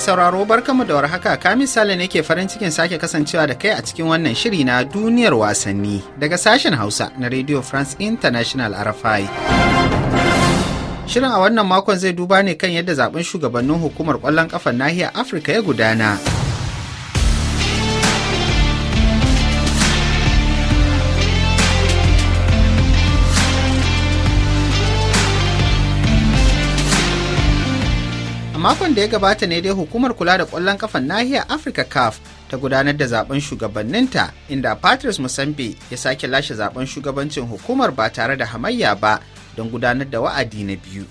mai sauraro mu da warhaka ka misali ne ke farin cikin sake kasancewa da kai a cikin wannan shiri na duniyar wasanni daga sashen Hausa na Radio France International RFI. Shirin a wannan makon zai duba ne kan yadda zaben shugabannin hukumar kwallon kafar nahiyar Afirka ya gudana. makon da ya gabata ne dai hukumar kula da kwallon kafan nahiyar afirka caf ta gudanar da zaben shugabanninta inda patrice musambe ya sake lashe zaben shugabancin hukumar ba tare da hamayya ba don gudanar da wa'adi na biyu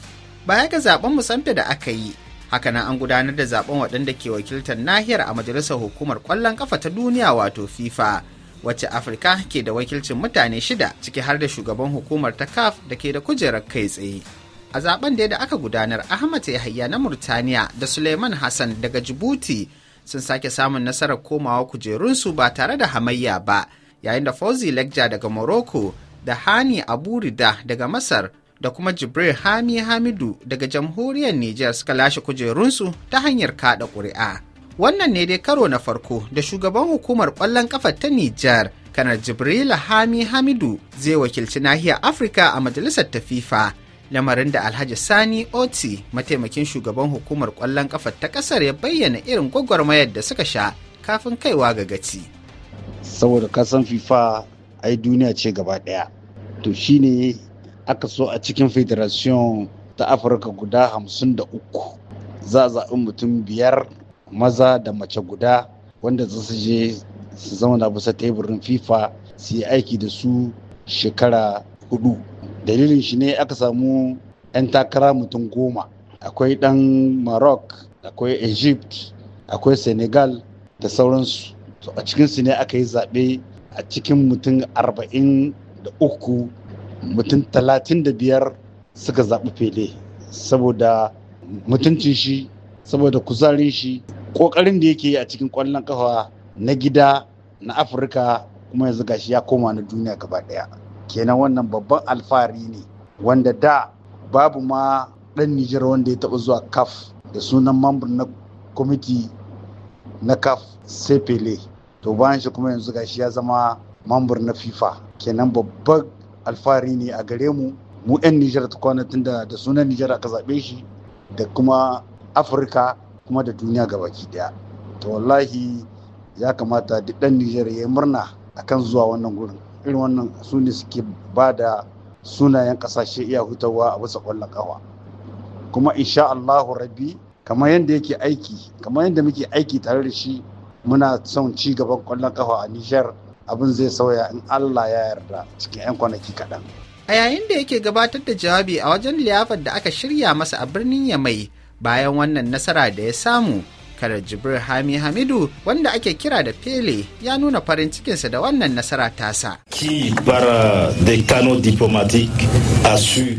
baya ga zaben musambe da aka yi Haka nan an gudanar da zaben waɗanda ke wakiltar nahiyar a majalisar hukumar kwallon ƙafa ta duniya wato fifa wacce afirka ke da wakilcin mutane shida ciki har da shugaban hukumar ta caf da ke da kujerar kai tsaye a zaben da aka gudanar ahmad yahaya na murtaniya da suleiman hassan daga jibuti sun sake samun nasarar komawa kujerunsu ba tare da hamayya ba yayin da fauzi lekja daga morocco da hani aburida daga masar da kuma jibril hami hamidu daga jamhuriyar Nijar suka lashe kujerunsu ta hanyar kaɗa ƙuri'a wannan ne dai karo na farko da shugaban hukumar ƙwallon ƙafa ta Nijar kanar jibril hami hamidu zai wakilci nahiyar afirka a majalisar ta fifa lamarin da alhaji sani oti mataimakin shugaban hukumar kwallon kafa ta kasar ya bayyana irin gwagwarmayar da suka sha kafin kaiwa ga gaci saboda kasan fifa ai duniya ce gaba daya to shine aka so a cikin federation ta afirka guda hamsin da uku za a zaɓi mutum biyar maza da mace guda wanda za su je su zauna bisa teburin fifa su yi aiki da su shekara hudu dalilin shi ne aka samu 'yan takara mutum goma akwai dan maroc akwai egypt akwai senegal da sauransu to a cikinsu ne aka yi zaɓe a cikin mutum 43 mutum 35 suka zaɓi fele saboda mutuncin shi saboda kuzarin shi ƙoƙarin da yake a cikin ƙwallon ƙafa na gida na afirka kuma yanzu gashi ya koma na duniya gaba ɗaya kenan wannan babban alfahari ne wanda da babu ma ɗan Nijar wanda ya taɓa zuwa kaf da sunan mambar na kwamiti na CAF Sepele. To bayan shi kuma yanzu gashi ya zama mambar na FIFA kenan babban alfahari ne a gare mu mu 'yan Nijar ta kwana tun da sunan Nijar aka zaɓe shi da kuma Afirka kuma da duniya ga baki daya. To wallahi ya kamata duk ɗan Nijar ya yi murna akan zuwa wannan gurin. irin wannan su ne suke ba da sunayen kasashe iya hutawa a bisa kwallon kawa kuma insha Allahu rabbi kamar yadda yake aiki kamar yadda muke aiki tare da shi muna son ci gaban ƙwallon ƙafa a Nijar abin zai sauya in Allah ya yarda cikin 'yan kwanaki kaɗan. A yayin da yake gabatar da jawabi a wajen liyafar da aka shirya masa a birnin Yamai bayan wannan nasara da ya samu shekarar jibril hami hamidu wanda ake kira da pele ya nuna farin cikinsa da wannan nasara tasa euh,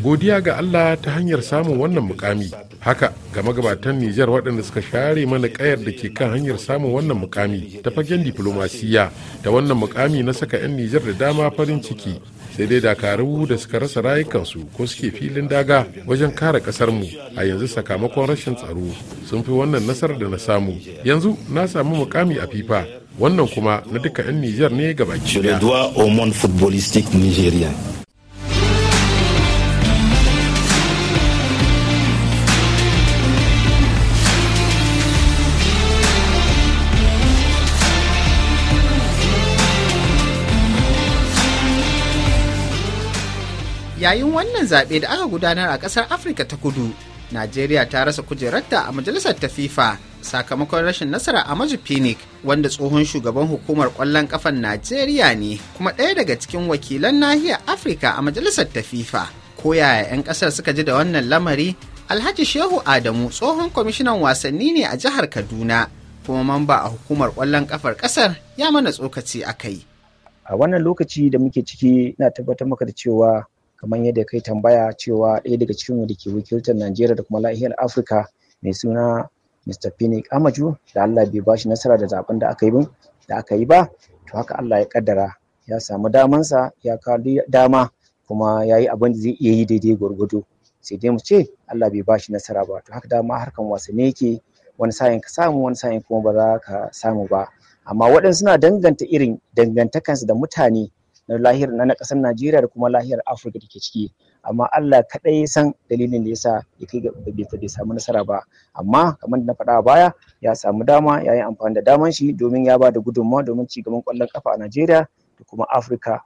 godiya ga allah ta hanyar samun wannan mukami haka ga magabatan nijar waɗanda suka share mana kayar da ke kan hanyar samun wannan mukami ta fagen diplomasiya da wannan mukami na saka 'yan nijar da dama farin ciki sai dai dakaru da suka rasa rayukansu ko suke filin daga wajen kare ƙasarmu a yanzu sakamakon rashin tsaro sun fi wannan nasarar da na samu yanzu na samu mukami a fifa wannan kuma na duka 'yan nijar ne gabaki daya yayin wannan zaɓe da aka gudanar a ƙasar afirka ta kudu najeriya ta rasa kujerarta a majalisar ta fifa sakamakon rashin nasara a maji phoenix wanda tsohon shugaban hukumar ƙwallon ƙafan najeriya ne kuma ɗaya daga cikin wakilan nahiyar afirka a majalisar ta fifa yaya 'yan ƙasar suka ji da wannan lamari alhaji shehu adamu tsohon kwamishinan wasanni ne a jihar kaduna kuma mamba a hukumar ƙwallon ƙafar ƙasar ya mana tsokaci a kai a wannan lokaci da muke ciki na tabbatar maka da cewa kamar yadda kai tambaya cewa ɗaya daga cikin da ke wakiltar Najeriya da kuma lahiyar Afirka mai suna Mr. Phoenix Amaju da Allah bai bashi nasara da zaben da aka yi da aka yi ba to haka Allah ya kaddara ya samu damansa ya kawo dama kuma ya yi abin da zai iya yi daidai gwargwado sai dai mu ce Allah bai bashi nasara ba to haka dama harkan wasanni yake wani sa'in ka samu wani sa'in kuma ba za ka samu ba amma waɗansu suna danganta irin dangantakansu da mutane na lahiyar na kasar Najeriya da kuma lahiyar Afirka da ke ciki amma Allah kaɗai san dalilin da yasa ya kai ga bai samu nasara ba amma kamar da na faɗa a baya ya samu dama ya yi amfani da daman shi domin ya ba da gudunmawa domin ci gaban ƙwallon kafa a Najeriya da kuma Afirka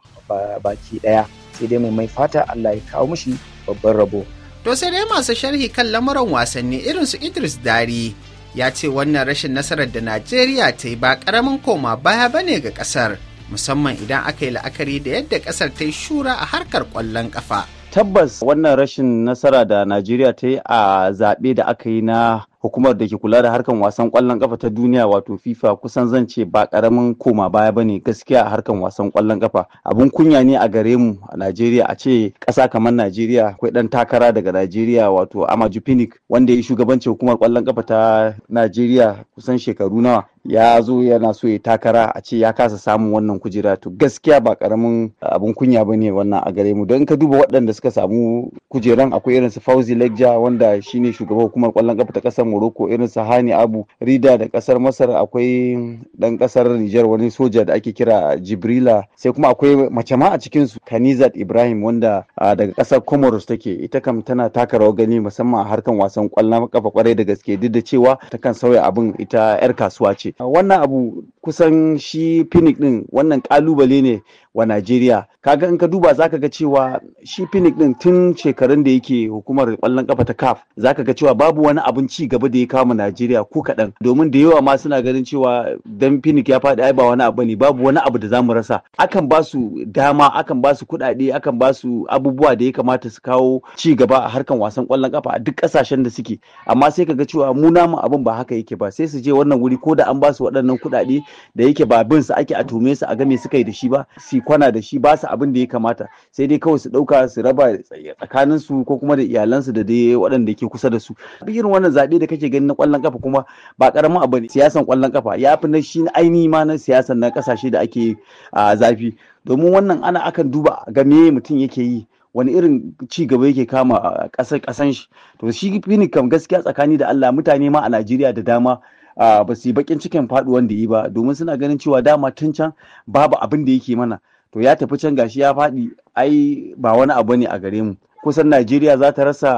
baki ɗaya sai dai mai mai fata Allah ya kawo mishi babban rabo. To sai dai masu sharhi kan lamuran wasanni irin su Idris Dari ya ce wannan rashin nasarar da Najeriya ta yi ba ƙaramin koma baya bane ga ƙasar. musamman idan aka yi la'akari da yadda kasar ta yi shura a harkar kwallon kafa Tabbas wannan rashin nasara da Najeriya ta yi a zaɓe da aka yi na hukumar da ke kula da harkar wasan kwallon kafa ta duniya wato FIFA kusan zan ce ba karamin koma baya ba ne gaskiya a harkar wasan kwallon kafa abun kunya ne a gare mu a Najeriya a ce ƙasa kamar Najeriya akwai ɗan takara daga Najeriya wato Amaju wanda ya shugabanci hukumar kwallon kafa ta Najeriya kusan shekaru nawa ya zo yana so ya takara a ce ya kasa samun wannan kujera to gaskiya ba karamin uh, abin kunya ba ne wannan a gare mu don ka duba waɗanda suka samu kujeran akwai irin su fauzi legja wanda shine shugaban hukumar kwallon kafa ta kasar morocco irin su hani abu rida da kasar masar akwai dan kasar nijar wani soja da ake kira jibrila sai kuma akwai mace ma a cikin su kanizat ibrahim wanda uh, daga kasar comoros take ita kam tana taka rawar gani musamman a harkan wasan kwallon kafa kwarai da gaske duk da cewa takan sauya abin ita yar kasuwa ce Eh, wannan abu kusan shi phoenix din wannan kalubale ne wa najeriya kaga in ka duba zaka ga cewa shi phoenix din tun shekarun da yake hukumar kwallon kafa ta caf zaka ga cewa babu wani abun ci gaba da ya kama najeriya ko kaɗan domin da yawa ma suna ganin cewa dan phoenix ya faɗi ai ba wani abu ne babu wani abu da zamu rasa akan ba su dama akan ba su kuɗaɗe akan ba su abubuwa da ya kamata su kawo ci gaba a harkan wasan kwallon kafa a duk ƙasashen da suke amma sai ka ga cewa mu namu abun ba haka yake ba sai su je wannan wuri ko da an ba su waɗannan kuɗaɗe da yake ba bin su ake a tume su a game suka yi da shi ba su kwana da shi ba su abin da ya kamata sai dai kawai su ɗauka su raba tsakanin su ko kuma da iyalansu da dai waɗanda ke kusa da su irin wannan zaɓe da kake gani na ƙwallon kafa kuma ba ƙaramin abu ne siyasan ƙwallon kafa ya fi na shi ainihi ma na siyasan na ƙasashe da ake a zafi domin wannan ana akan duba game mutum yake yi wani irin ci gaba yake kama a ƙasar ƙasan shi to shi fini kam gaskiya tsakani da Allah mutane ma a Najeriya da dama Ah, ba su yi bakin cikin faduwan da yi ba domin suna ganin cewa dama tun can babu abin da yake mana to ya tafi can gashi ya faɗi ai ba wani abu ne a gare mu kusan najeriya za ta rasa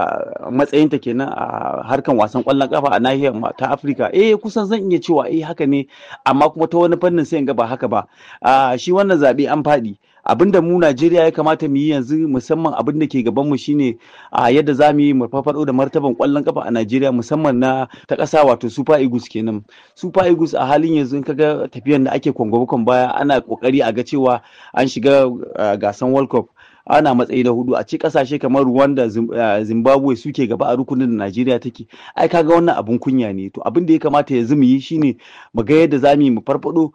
matsayinta kenan a harkan wasan kwallon kafa a nahiyar ta afirka eh kusan zan iya cewa e haka ne amma kuma ta wani fannin sai ga ba haka ba ah, shi wannan zaɓe an faɗi abin da mu Najeriya ya kamata mu yi yanzu musamman abin da ke gaban mu shine a yadda za mu yi mu farfado da martaban kwallon kafa a Najeriya musamman na ta ƙasa wato Super Eagles kenan Super Eagles a halin yanzu in kaga tafiyar da ake kwangwabakon baya ana kokari a ga cewa an shiga gasan World Cup ana matsayi na hudu a ci kasashe kamar Rwanda eh, Zimbabwe suke gaba a rukunin da Najeriya take ai kaga wannan abun kunya ne to abin da ya kamata ya zumi yi shine mu ga yadda za mu farfado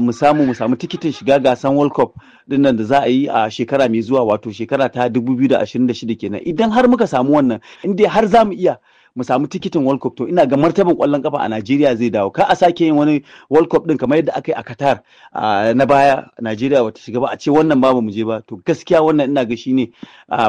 mu samu mu samu tikitin shiga gasan World Cup din nan da za a yi a shekara mai zuwa wato shekara ta 2026 kenan idan har muka samu wannan inda har za mu iya mu samu tikitin World Cup to ina ga martaban kwallon kafa a Najeriya zai dawo ka a sake yin wani World Cup din kamar yadda aka yi a Qatar na baya Najeriya wata shiga ba a ce wannan ba mu je ba to gaskiya wannan ina ga shine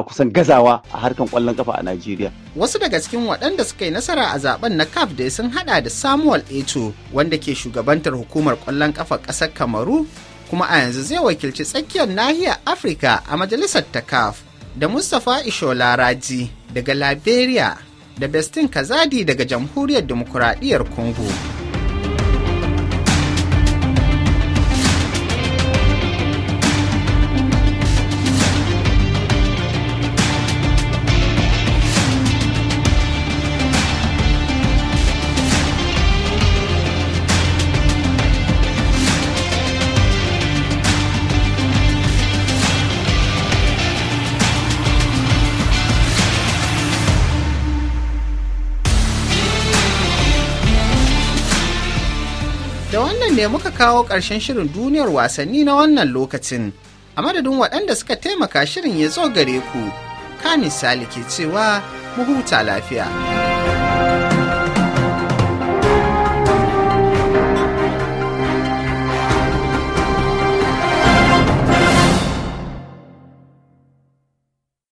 kusan gazawa a harkan kwallon kafa a Najeriya wasu daga cikin waɗanda suka yi nasara a zaben na CAF da sun hada da Samuel Eto wanda ke shugabantar hukumar kwallon kafa ƙasar Kamaru kuma a yanzu zai wakilci tsakiyar nahiyar Afirka a majalisar ta CAF da Mustapha Ishola Raji daga Liberia da Bestin Kazadi daga Jamhuriyar Dimokuraɗiyyar Congo. ne muka kawo ƙarshen shirin duniyar wasanni na wannan lokacin. A madadin waɗanda suka taimaka shirin ya zo gare ku, Kanis Sali ke cewa mu huta lafiya.